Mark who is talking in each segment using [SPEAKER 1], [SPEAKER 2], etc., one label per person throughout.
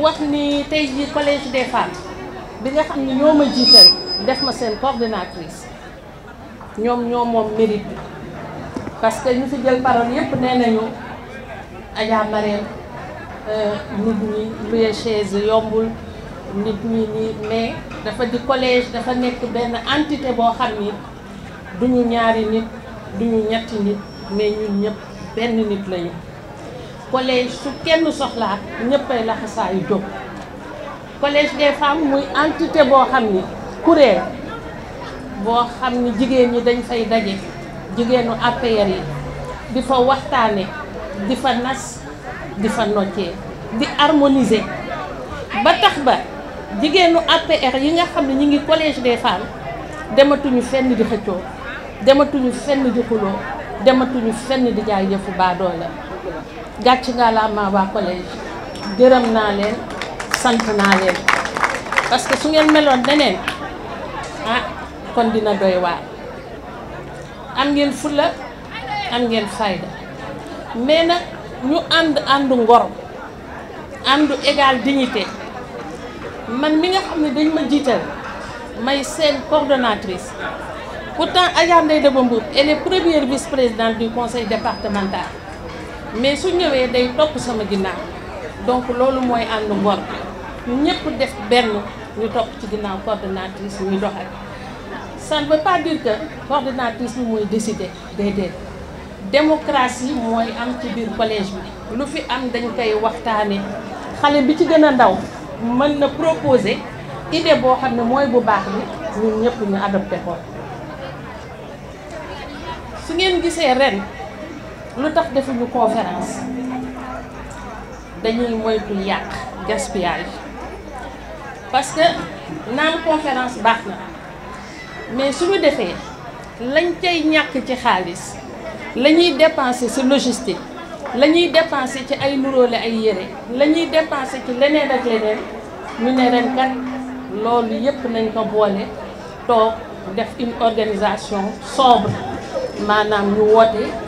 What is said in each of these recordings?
[SPEAKER 1] wax ni tey jii collège des femmes bi nga xam ni ñoo ma jiital def ma seen coordinatrice ñoom ñoo moom mérite bi que ñu fi jël parole yépp nee nañu Adja Marème euh, nit ñi luye chaise yombul nit ñi nii mais dafa di collège dafa nekk benn entité boo xam ni duñu ñaari nit duñu ñetti nit mais ñun ñëpp benn nit lañu collège su kenn soxlaa ñëppay laxasaayu jóg collège des femmes muy entité boo xam ni kuréel boo xam ni jigéen ñi dañ fay daje jigéenu APR yi di fa waxtaane di fa nas di fa noccee di harmoniser ba tax ba jigéenu APR yi nga xam ne ñi ngi collège des femmes dematuñu fenn di xëccoo dematuñu fenn di xuloo dematuñu fenn di jaay yëfu baadoo la gàcc ngaalaamaa waa collège gërëm naa leen sant naa leen parce que su ngeen meloon neneen ah kon dina doy waar am ngeen fulla am ngeen fayda mais nag ñu ànd àndu ngor àndu égale dignité man mi nga xam ne dañ ma jiital may seen coordonnatrice pourtant Adja Ndeye Daba elle est première vice-présidente du conseil départemental mais su ñëwee day topp sama ginnaaw donc loolu mooy ànd ngor ñu ñëpp def benn ñu topp ci ginnaaw coordonnatrice ñuy doxal ça ne veut pas dire que coordonnatrice bi mooy décider déedéet démocratie mooy am ci biir collège bi lu fi am dañ koy waxtaanee xale bi ci gën a ndaw mën na proposé idée boo xam ne mooy bu baax bi ñun ñëpp ñu adopté ko su ngeen gisee ren lu tax defuñu conférence dañuy moytu yàq gaspillage parce que naan conférence baax na mais suñu defee lañ cay ñàkk ci xaalis la ñuy dépenser ci logistique la ñuy dépenser ci ay nuróole ay yére la ñuy dépenser ci leneen ak leneen ñu ne ren kat loolu yëpp nañ ko boole toog def une organisation sobre maanaam ñu woote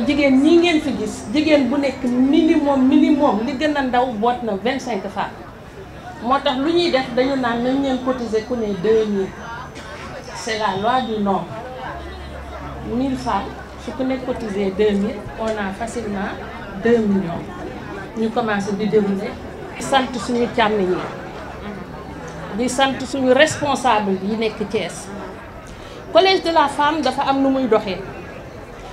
[SPEAKER 1] jigen ñi ngeen fi gis jigen bu nek minimum minimum li gëna ndaw boot 25 femmes motax lu ñuy def dañu nan ñu ngeen cotiser ku 2000 c'est la loi du nom 1000 femmes su ku ne cotiser 2000 on a facilement 2 millions ñu commencé di dérouler sante suñu tiam ñi di sante suñu responsable yi nek ties collège de la femme dafa am nu muy doxé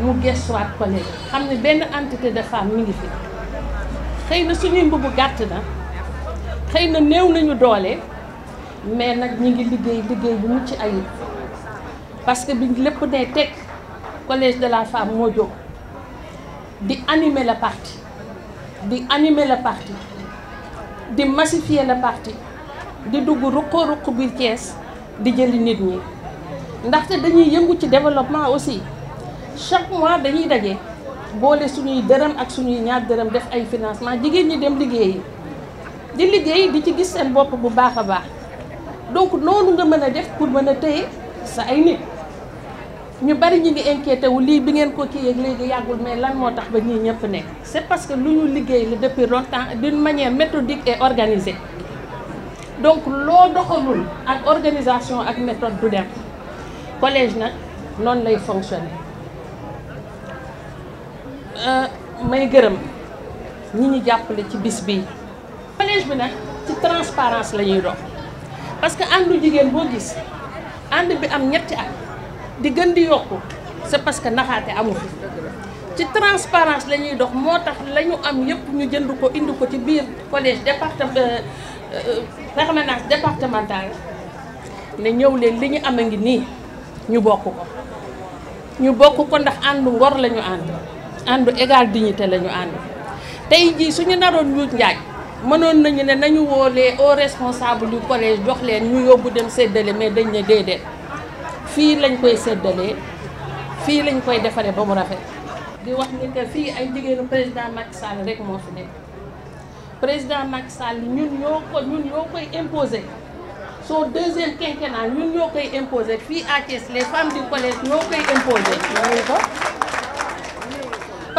[SPEAKER 1] mu gëstuwaat collègue collège, Nous benn entité de femme sommes ngi fi mbubu Nous na nañu mais nag ñi ngi bu parce que des Nous collège de la femme moo jóg di animer la partie. di animer la partie. di massifier la partie, di dugg di nit ñi dañuy développement aussi chaque mois dañuy daje boole suñuy dërëm ak suñuy ñaar dërëm def ay financement jigéen ñi dem liggéey di liggéey di ci gis seen bop bu baaxa baax donc nonu nga mëna def pour mëna a sa ay nit ñu bari ñi ngi inquiété wu li bi ngeen ko kii ak léegi yàggul mais lan moo tax ba ñii ñëpp nekk c'est parce que lu ñu liggéey la depuis longtemps d'une manière méthodique et organisée donc loo doxalul ak organisation ak méthode du dem collège nag noonu lay fonctionner Euh, may gërëm ñi ñi jappalé ci bis bi collège bi nak ci transparence la ñuy dox parce que andu jigen bo gis and bi am ñetti at di gën di yokku c'est parce que naxaate amul ci transparence la dox motax lañu am yépp ñu jënd ko indi ko ci biir collège département euh, euh, permanence départementale né ñew leen liñu am ngi ni ñu bokku ko ñu bokku ko ndax andu ngor lañu andu àndu égal dignité te ñu ànd tey jii suñu naroon luuj njaaj mënoon nañu ne nañu woolee au responsable du collège jox leen ñu yóbbu dem séddale mais dañ ne déedéet fii lañ koy séddalee fii lañ koy defaree ba mu rafet di wax ni que fii ay jigéenu président Macky Sall rek moo fi nekk président Macky Sall ñun ñoo ko ñun ñoo koy imposer son deuxième quinquennat ñun ñoo koy imposer fii à Thiès les femmes du collège ñoo koy imposer.